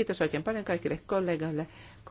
Kiitos oikein paljon kaikille kollegoille